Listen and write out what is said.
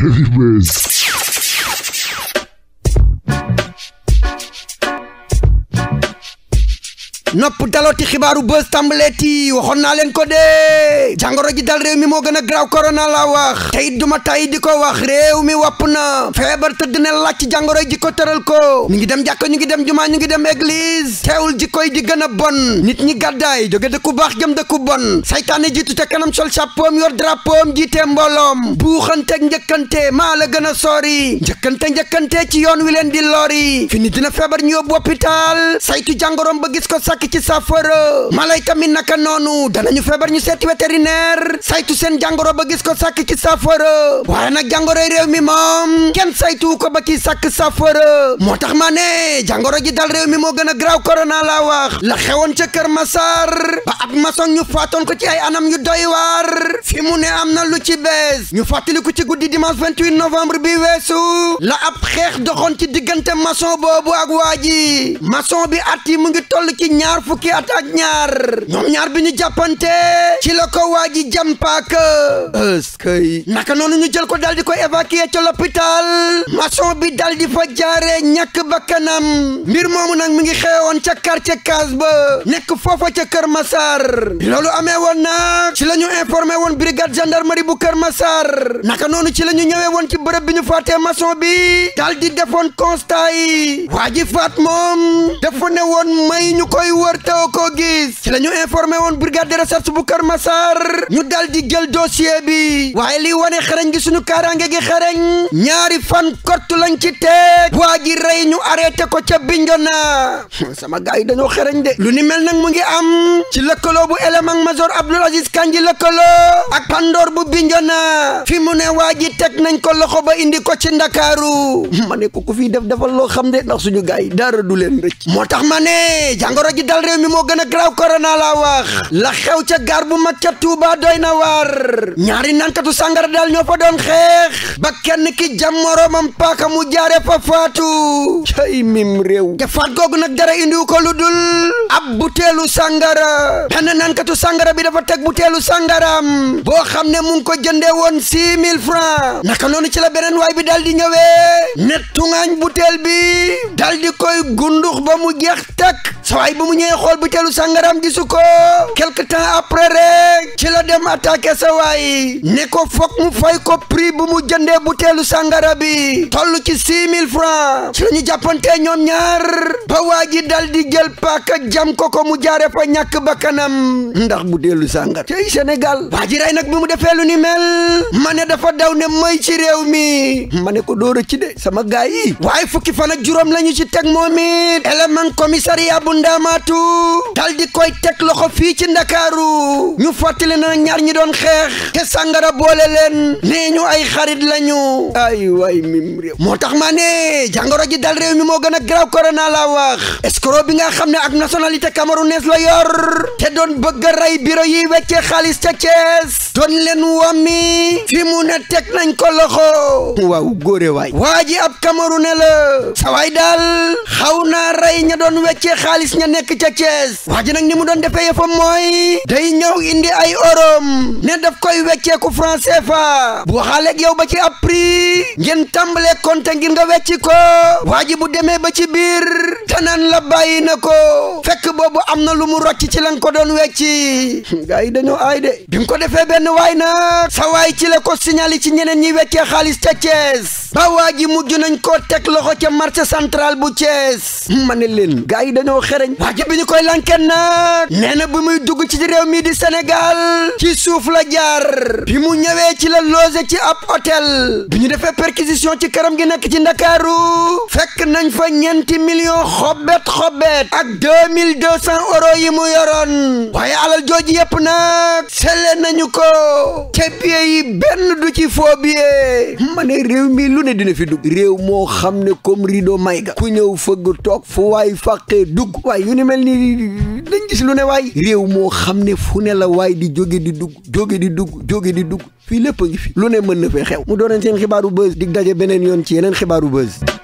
Heavy Bass. nopp dalooti xibaaru bës tàmbaleeti waxoon naa leen ko dee jàngoro ji dal réew mi moo gën a graw korona la wax tey duma tay di ko wax réew mi wàpp na feebar tëdd ne làcc jàngoro ji ko tëral ko ñu ngi dem jàkka ñu ngi dem jumaa ñu ngi dem église teewul ji koy di gën a bon nit ñi gàddaay jóge dëkku baax jëm dëkku bon saytaane jiitu ca kanam sol chapeau yor drapeau jiite mbooloom buuxante njëkkante maa la gën a sori njëkkante njëkkante ci yoon wi leen di lori fi nit dina feebar ñu yóbbu hôpital saytu jàngoroom ba gis ko ñàkk ci saafara malayka mi naka noonu danañu feebar ñu seeti vétérinaire saytu seen jàngoro ba gis ko sàkk ci saafara waaye na jàngoroy réew mi moom kenn saytu ko ba ci sàkk saafara moo tax ma ne jàngoro ji dal réew mi moo gën a graaw korona laa wax la xewoon ca Kër Masar ba ab maçon ñu faatoon ko ci ay anam yu doy waar fi mu ne am na lu ci bees ñu fàttaliku ci guddi dimanche 28 novembre bi weesu la ab xeex doxoon ci diggante maçon boobu ak waa ji ñaar at ak ñaar ñoom bi ñu jàppante ci la ko waa ji jàmpaaka ëskay naka noonu ñu jël ko dal di ko évacuer ca l'hôpital maçon bi dal di fa jaaree ñàkk bakkanam mbir moomu nag mu ngi woon ca quartier Case ba nekk foofa ca Kër Massar bi loolu amee woon nag ci la ñu informé woon brigade gendarmerie bu Kër Massar naka noonu ci la ñu ñëwee woon ci bërëb bi ñu faatee maçon bi dal di defoon constat yi faat moom dafa woon may ñu koy wër taw ko gis ci la ñu informé woon brigade de recherche bu Kër Massar ñu dal di jël dossier bi waaye li wane xarañ gi suñu kaaraange gi xarañ ñaari fan kott lañ ci teg waa ji rey ñu arrêté ko ca Bignona sama gars yi dañoo xarañ de lu ni mel nag mu ngi am ci lëkkaloo bu élément major Abdoul Aziz Kanji lëkkaloo ak Pandor bu Bignona fi mu ne waa ji teg nañ ko loxo ba indi ko ci Ndakaaru ma ne ko ku fi def defal loo xam de ndax suñu gars yi du leen rëcc moo tax dal réew mi moo gën a graw korona laa wax la xew ca gaar bu mag ca Touba doy na waar ñaari nankatu sàngara daal ñoo fa doon xeex ba kenn ki jam moroomam paaka mu jaare fa faatu cay mim réew te faat nag dara indiwu ko lu dul ab buteelu sàngara benn nankatu sàngara bi dafa teg buteelu sàngaram boo xam ne mu ngi ko jëndee woon six mille francs naka noonu ci la beneen waay bi daal di ñëwee ne tungaañ buteel bi daal koy gundux ba mu jeex teg sawaay ba mu ñëwee xool butéelu sàngaram gisu ko quelque temps après rek ci la dem attaqué sa waay ne ko foog mu fay ko prix bu mu jëndee butéelu sàngara bi toll ci six mille francs ci la ñu jàppantee ñoom ñaar ba waa ji dal di jël paaka jam ko ko mu jaare fa ñàkk bakkanam ndax butéelu sàngara tey Sénégal waa ji nag bi mu defee lu ni mel ma ne dafa daw ne may ci réew mi ma ne ko dóora ci de sama gaay waaye fukki fan juróom lañu ci teg moom it élément commissariat bu nattu dal di koy teg loxo fii ci ndakaaru ñu fàttali na ñaar ñi doon xeex te sàngara boole leen nee ñu ay xarit lañu ay waay mim réew moo tax maa ne jàngoro ji dal réew mi moo gën a graw korona laa wax escroc nga xam ne ak nationalité camerounaise la yor te doon bëgg a rey biro yi weccee xaalis ca Thiès doon leen wàmmi fi mu ne teg nañ ko loxo waaw góore waay waa ab camerounais la sa waay xaw naa rey ña doon weccee xaalis ña nekk dëkk ca Thiès waa ji nag ni mu doon defee yëfam mooy day ñëw indi ay orom ne daf koy wecceeku franc CFA bu waxaaleeg yow ba ci ab prix ngeen tàmbalee te ngir nga wecci ko waa ji bu demee ba ci biir tanaan Abdallah bàyyi na ko fekk boobu am na lu mu rocc ci lañ ko doon wecci gars yi dañoo aay de bi mu ko defee benn waay nag sa waay ci la ko signalé ci ñeneen ñi weccee xaalis ca Thiès ba waa ji mujj nañ ko teg loxo ca marché central bu Thiès ma ne leen gars yi dañoo xereñ waa ji bi ñu koy lanken nag nee na bi muy dugg ci réew mi di Sénégal ci suuf la jaar bi mu ñëwee ci la logé ci ab hôtel bi ñu defee perquisition ci këram gi nekk ci Ndakaaru nañ fa ñeenti million xobbet xobet ak deux mille deux cent yi mu yoroon waaye alal jooju yëpp nag selle nañu ko te biye yi benn du ci foo biye ma ne réew mi lu ne dina fi dugg réew moo xam ne kom rideau may ga ku ñëw fëgg toog fu waay fàqee dugg waay yu ni mel ni dañ gis lu ne waay réew moo xam ne fu ne la waay di jóge di dugg jóge di dugg jóge di dugg fii lépp a ngi fi lu ne mën na fee xew mu doonoon seen xibaaru buzz dig daje beneen yoon ci yeneen xibaaru buzz